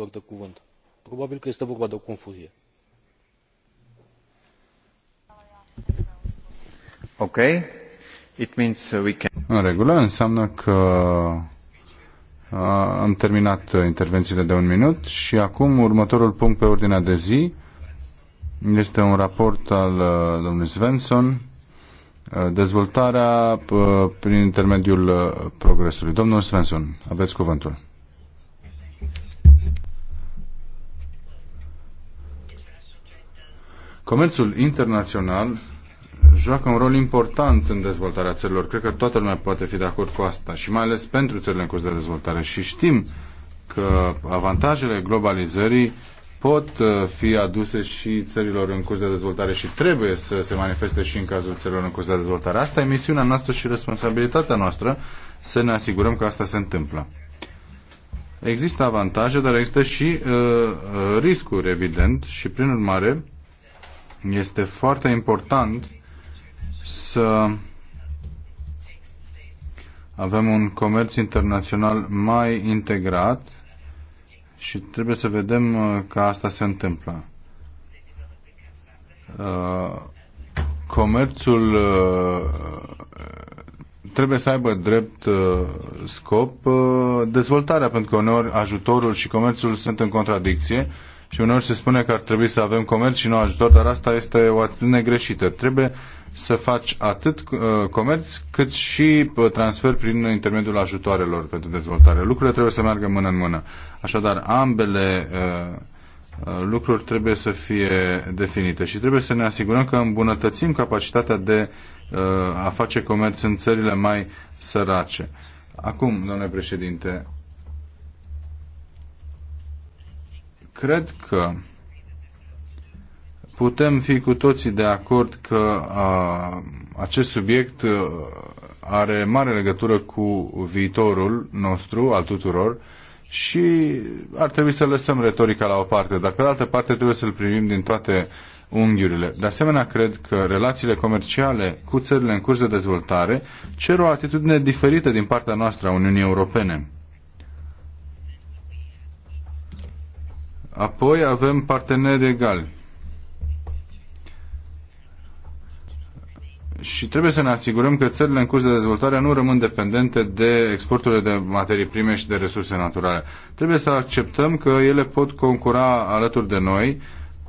luăm pe cuvânt. probabil că este vorba de o confuzie. Ok. It means uh, we can... În regulă, înseamnă că uh, am terminat uh, intervențiile de un minut și acum următorul punct pe ordinea de zi este un raport al domnului Svensson, dezvoltarea prin intermediul progresului. Domnul Svensson, aveți cuvântul. Comerțul internațional joacă un rol important în dezvoltarea țărilor. Cred că toată lumea poate fi de acord cu asta și mai ales pentru țările în curs de dezvoltare. Și știm că avantajele globalizării pot uh, fi aduse și țărilor în curs de dezvoltare și trebuie să se manifeste și în cazul țărilor în curs de dezvoltare. Asta e misiunea noastră și responsabilitatea noastră să ne asigurăm că asta se întâmplă. Există avantaje, dar există și uh, uh riscuri, evident, și prin urmare este foarte important să avem un comerț internațional mai integrat și trebuie să vedem uh, că asta se întâmplă. Uh, comerțul uh, trebuie să aibă drept scop dezvoltarea, pentru că uneori ajutorul și comerțul sunt în contradicție și uneori se spune că ar trebui să avem comerț și nu ajutor, dar asta este o atitudine greșită. Trebuie să faci atât uh, comerț cât și uh, transfer prin intermediul ajutoarelor pentru dezvoltare. Lucrurile trebuie să meargă mână în mână. Așadar, ambele uh, lucruri trebuie să fie definite și trebuie să ne asigurăm că îmbunătățim capacitatea de a face comerț în țările mai sărace. Acum, domnule președinte, Cred că putem fi cu toții de acord că a, acest subiect are mare legătură cu viitorul nostru, al tuturor, și ar trebui să lăsăm retorica la o parte, dar pe de altă parte trebuie să-l privim din toate unghiurile. De asemenea, cred că relațiile comerciale cu țările în curs de dezvoltare cer o atitudine diferită din partea noastră a Uniunii Europene. Apoi avem parteneri egali. Și trebuie să ne asigurăm că țările în curs de dezvoltare nu rămân dependente de exporturile de materii prime și de resurse naturale. Trebuie să acceptăm că ele pot concura alături de noi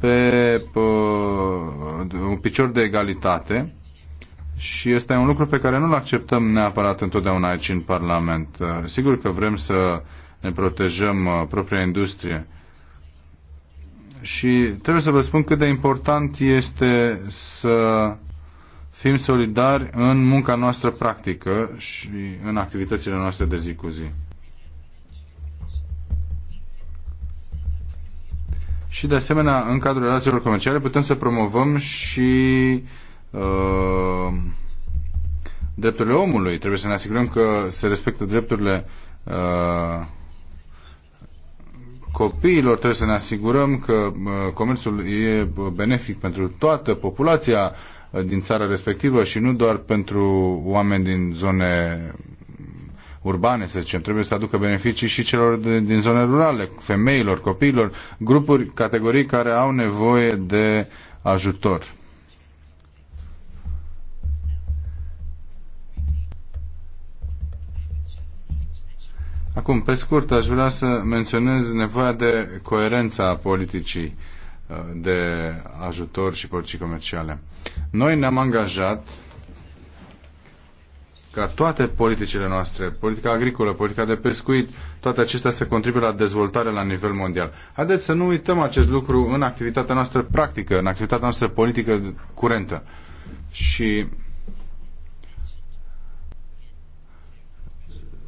pe un picior de egalitate și este un lucru pe care nu-l acceptăm neapărat întotdeauna aici în Parlament. Sigur că vrem să ne protejăm uh, propria industrie, și trebuie să vă spun cât de important este să fim solidari în munca noastră practică și în activitățile noastre de zi cu zi. Și de asemenea, în cadrul relațiilor comerciale putem să promovăm și uh, drepturile omului. Trebuie să ne asigurăm că se respectă drepturile uh, copiilor, trebuie să ne asigurăm că uh, comerțul e uh, benefic pentru toată populația uh, din țara respectivă și nu doar pentru oameni din zone urbane, să zicem. Trebuie să aducă beneficii și celor din zone rurale, femeilor, copiilor, grupuri, categorii care au nevoie de ajutor. Acum, pe scurt, aș vrea să menționez nevoia de coerența politicii uh, de ajutor și politicii comerciale. Noi ne-am angajat ca toate politicile noastre, politica agricolă, politica de pescuit, toate acestea să contribuie la dezvoltare la nivel mondial. Haideți să nu uităm acest lucru în activitatea noastră practică, în activitatea noastră politică curentă. Și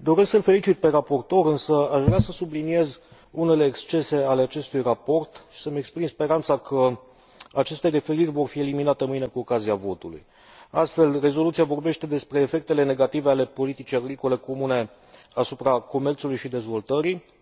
doresc să îl felicit pe raportor însă a vrea să subliniez unele excese ale acestui raport i să mi exprim sperana că aceste referiri vor fi eliminate mâine cu ocazia votului. astfel rezoluia vorbete despre efectele negative ale politicii agricole comune asupra comerului i dezvoltării i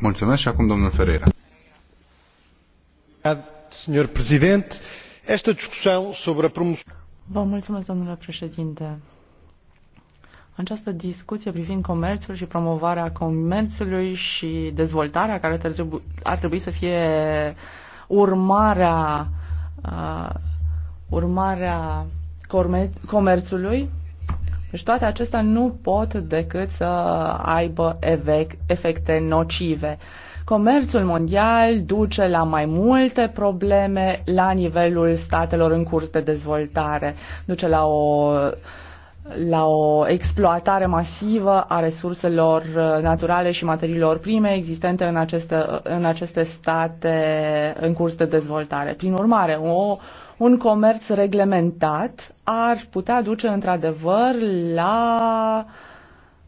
Mulțumesc și acum domnul Ferreira. Vă mulțumesc, domnule președinte. Această discuție privind comerțul și promovarea comerțului și dezvoltarea care ar trebui să fie urmarea, uh, urmarea comerțului deci toate acestea nu pot decât să aibă efecte nocive. Comerțul mondial duce la mai multe probleme la nivelul statelor în curs de dezvoltare, duce la o la o exploatare masivă a resurselor naturale și materiilor prime existente în aceste, în aceste state în curs de dezvoltare. Prin urmare, o, un comerț reglementat ar putea duce într-adevăr la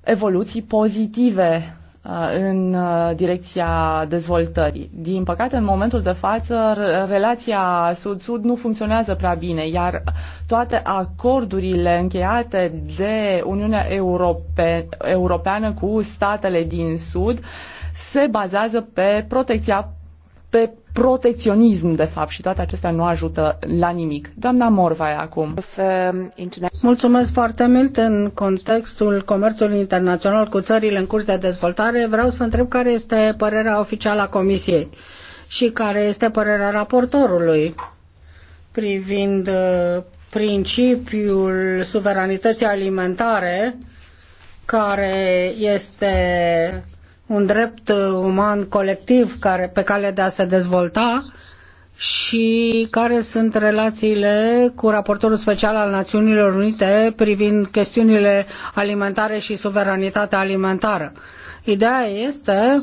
evoluții pozitive uh, în uh, direcția dezvoltării. Din păcate, în momentul de față, relația Sud-Sud nu funcționează prea bine, iar toate acordurile încheiate de Uniunea Europe- Europeană cu statele din Sud se bazează pe protecția pe protecționism, de fapt, și toate acestea nu ajută la nimic. Doamna Morvai, acum. Uh, Mulțumesc foarte mult în contextul comerțului internațional cu țările în curs de dezvoltare. Vreau să întreb care este părerea oficială a Comisiei și care este părerea raportorului privind uh, principiul suveranității alimentare care este un drept uh, uman colectiv care, pe cale de a se dezvolta și care sunt relațiile cu raportorul special al Națiunilor Unite privind chestiunile alimentare și suveranitatea alimentară. Ideea este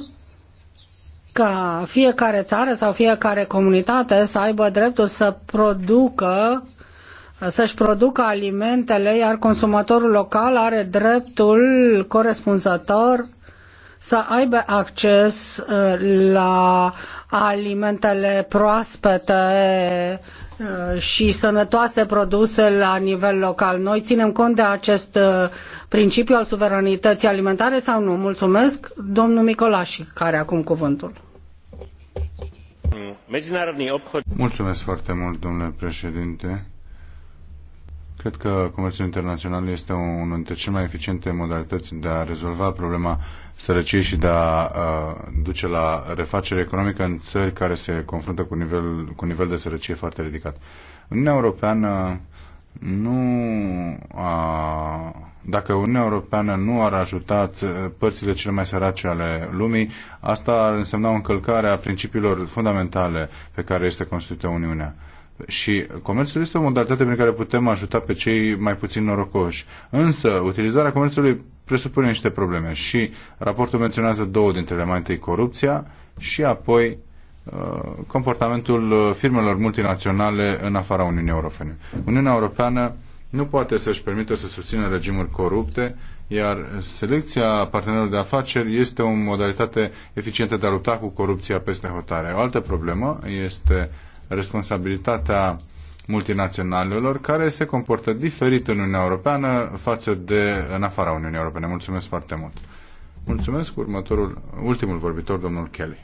ca fiecare țară sau fiecare comunitate să aibă dreptul să producă să-și producă alimentele, iar consumatorul local are dreptul corespunzător să aibă acces uh, la alimentele proaspete uh, și sănătoase produse la nivel local. Noi ținem cont de acest uh, principiu al suveranității alimentare sau nu? Mulțumesc, domnul Micolașic, care acum cuvântul. Mulțumesc foarte mult, domnule președinte. Cred că comerțul internațional este unul dintre cele mai eficiente modalități de a rezolva problema sărăciei și de a uh, duce la refacere economică în țări care se confruntă cu nivel, cu nivel de sărăcie foarte ridicat. Uniunea Europeană nu a, dacă Uniunea Europeană nu ar ajuta părțile cele mai sărace ale lumii, asta ar însemna o încălcare a principiilor fundamentale pe care este construită Uniunea. Și comerțul este o modalitate prin care putem ajuta pe cei mai puțin norocoși. Însă, utilizarea comerțului presupune niște probleme și raportul menționează două dintre ele, mai întâi corupția și apoi uh, comportamentul uh, firmelor multinaționale în afara Uniunii Europene. Uniunea Europeană nu poate să-și permită să susțină regimuri corupte, iar selecția partenerilor de afaceri este o modalitate eficientă de a lupta cu corupția peste hotare. O altă problemă este responsabilitatea multinaționalelor care se comportă diferit în Uniunea Europeană față de în afara Uniunii Europene. Mulțumesc foarte mult. Mulțumesc următorul, ultimul vorbitor, domnul Kelly.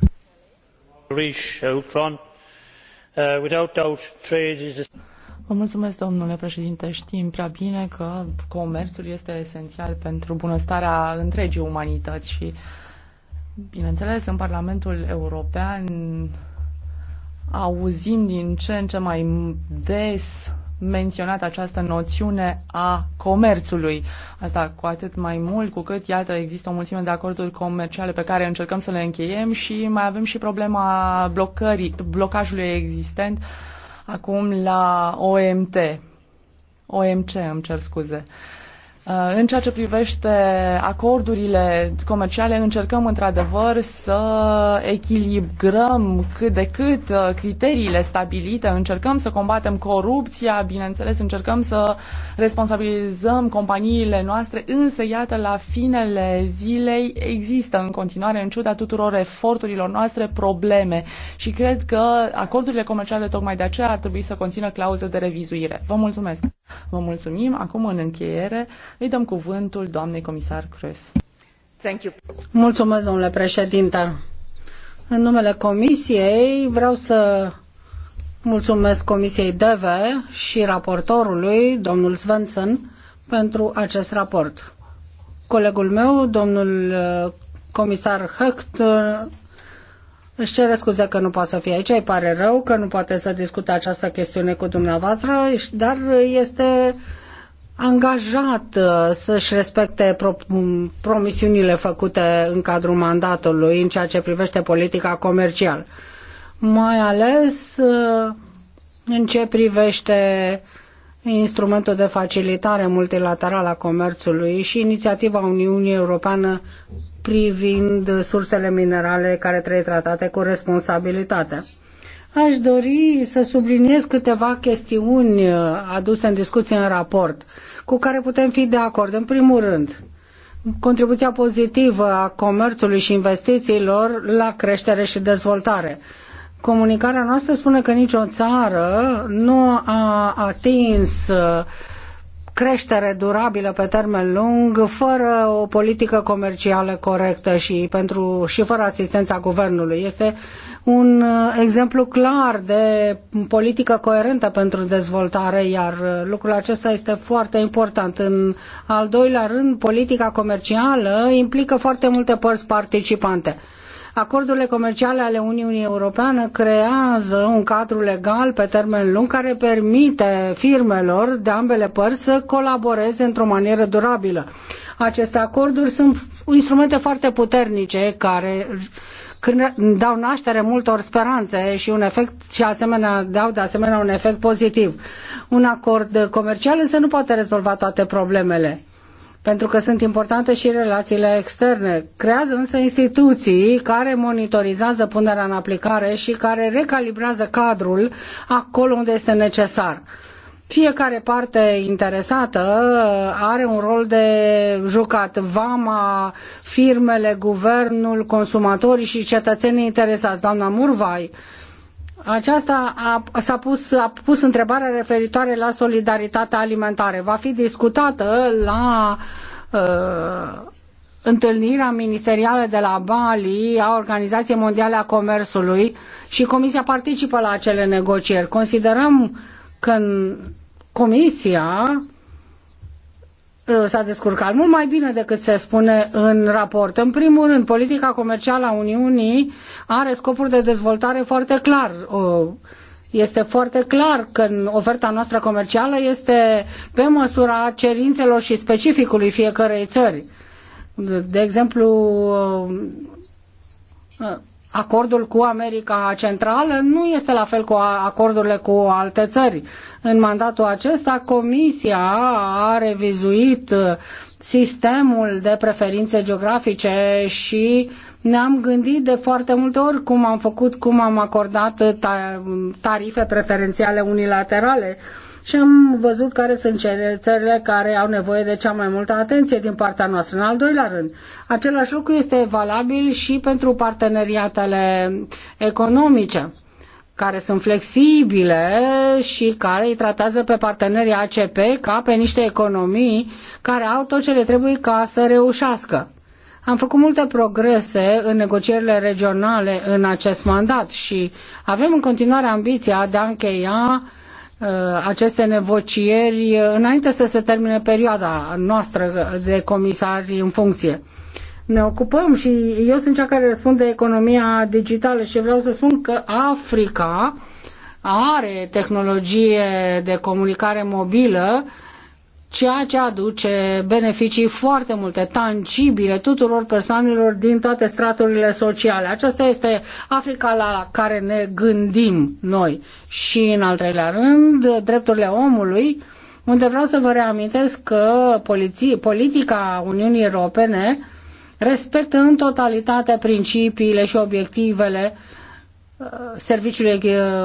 Uh, Vă mulțumesc, domnule președinte. Știm prea bine că comerțul este esențial pentru bunăstarea întregii umanități și, bineînțeles, în Parlamentul European auzim din ce în ce mai des menționat această noțiune a comerțului. Asta cu atât mai mult cu cât, iată, există o mulțime de acorduri comerciale pe care încercăm să le încheiem și mai avem și problema blocării, blocajului existent acum la OMT. OMC, îmi cer scuze. Uh, Uh, în ceea ce privește acordurile comerciale, încercăm într-adevăr să echilibrăm cât de cât uh, criteriile stabilite, încercăm să combatem corupția, bineînțeles, încercăm să responsabilizăm companiile noastre, însă, iată, la finele zilei există în continuare, în ciuda tuturor eforturilor noastre, probleme și cred că acordurile comerciale tocmai de aceea ar trebui să conțină clauze de revizuire. Vă mulțumesc! Vă mulțumim. Acum, în încheiere, îi dăm cuvântul doamnei comisar Crăs. Thank you. Mulțumesc, domnule președinte. În numele comisiei vreau să mulțumesc comisiei DV și raportorului, domnul Svensson, pentru acest raport. Colegul meu, domnul uh, comisar Hecht, își cere scuze că nu poate să fie aici, îi pare rău că nu poate să discute această chestiune cu dumneavoastră, dar este angajat uh, să-și respecte pro promisiunile făcute în cadrul mandatului în ceea ce privește politica comercială. Mai ales uh, în ce privește uh, instrumentul de facilitare multilaterală a comerțului și inițiativa Uniunii Europeană privind sursele minerale care trebuie tratate cu responsabilitate. Aș dori să subliniez câteva chestiuni uh, aduse în discuție în raport, cu care putem fi de acord. În primul rând, contribuția pozitivă a comerțului și investițiilor la creștere și dezvoltare. Comunicarea noastră spune că nicio țară nu a atins uh, creștere durabilă pe termen lung fără o politică comercială corectă și, pentru, și fără asistența guvernului. Este un uh, exemplu clar de politică coerentă pentru dezvoltare, iar uh, lucrul acesta este foarte important. În al doilea rând, politica comercială implică foarte multe părți participante Acordurile comerciale ale Uniunii Europeană creează un cadru legal pe termen lung care permite firmelor de ambele părți să colaboreze într-o manieră durabilă. Aceste acorduri sunt instrumente foarte puternice care dau naștere multor speranțe și un efect și asemenea, dau de asemenea un efect pozitiv. Un acord comercial însă nu poate rezolva toate problemele pentru că sunt importante și relațiile externe. Creează însă instituții care monitorizează punerea în aplicare și care recalibrează cadrul acolo unde este necesar. Fiecare parte interesată uh, are un rol de jucat. Vama, firmele, guvernul, consumatorii și cetățenii interesați. Doamna Murvai, uh, aceasta a, s-a pus, a pus întrebarea referitoare la solidaritatea alimentară. Va fi discutată la uh, întâlnirea ministerială de la Bali a Organizației Mondiale a Comerțului și Comisia participă la acele negocieri. Considerăm că Comisia Uh, s-a descurcat mult mai bine decât se spune în raport. În primul rând, politica comercială a Uniunii are scopuri de dezvoltare foarte clar. Uh, este foarte clar că oferta noastră comercială este pe măsura cerințelor și specificului fiecărei țări. De exemplu, uh, Acordul cu America Centrală nu este la fel cu acordurile cu alte țări. În mandatul acesta, Comisia a revizuit uh, sistemul de preferințe geografice și uh, ne-am gândit de foarte multe ori cum am făcut, cum am acordat uh, tarife preferențiale unilaterale și am văzut care sunt țările care au nevoie de cea mai multă atenție din partea noastră. În al doilea rând, același lucru este valabil și pentru parteneriatele economice care sunt flexibile și care îi tratează pe partenerii ACP ca pe niște economii care au tot ce le trebuie ca să reușească. Am făcut multe progrese în negocierile regionale în acest mandat și avem în continuare ambiția de a încheia uh, aceste negocieri uh, înainte să se termine perioada noastră de comisari în funcție. Ne ocupăm și eu sunt cea care răspunde economia digitală și vreau să spun că Africa are tehnologie de comunicare mobilă ceea ce aduce beneficii foarte multe, tangibile, tuturor persoanelor din toate straturile sociale. Aceasta este Africa la care ne gândim noi. Și, în al treilea rând, drepturile omului, unde vreau să vă reamintesc că poliție, politica Uniunii Europene respectă în totalitate principiile și obiectivele uh, Serviciului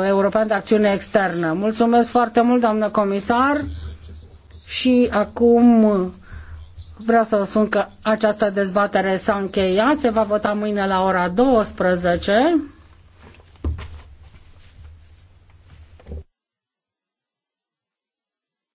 European de Acțiune Externă. Mulțumesc foarte mult, doamnă comisar. Și acum vreau să vă spun că această dezbatere s-a încheiat, se va vota mâine la ora 12.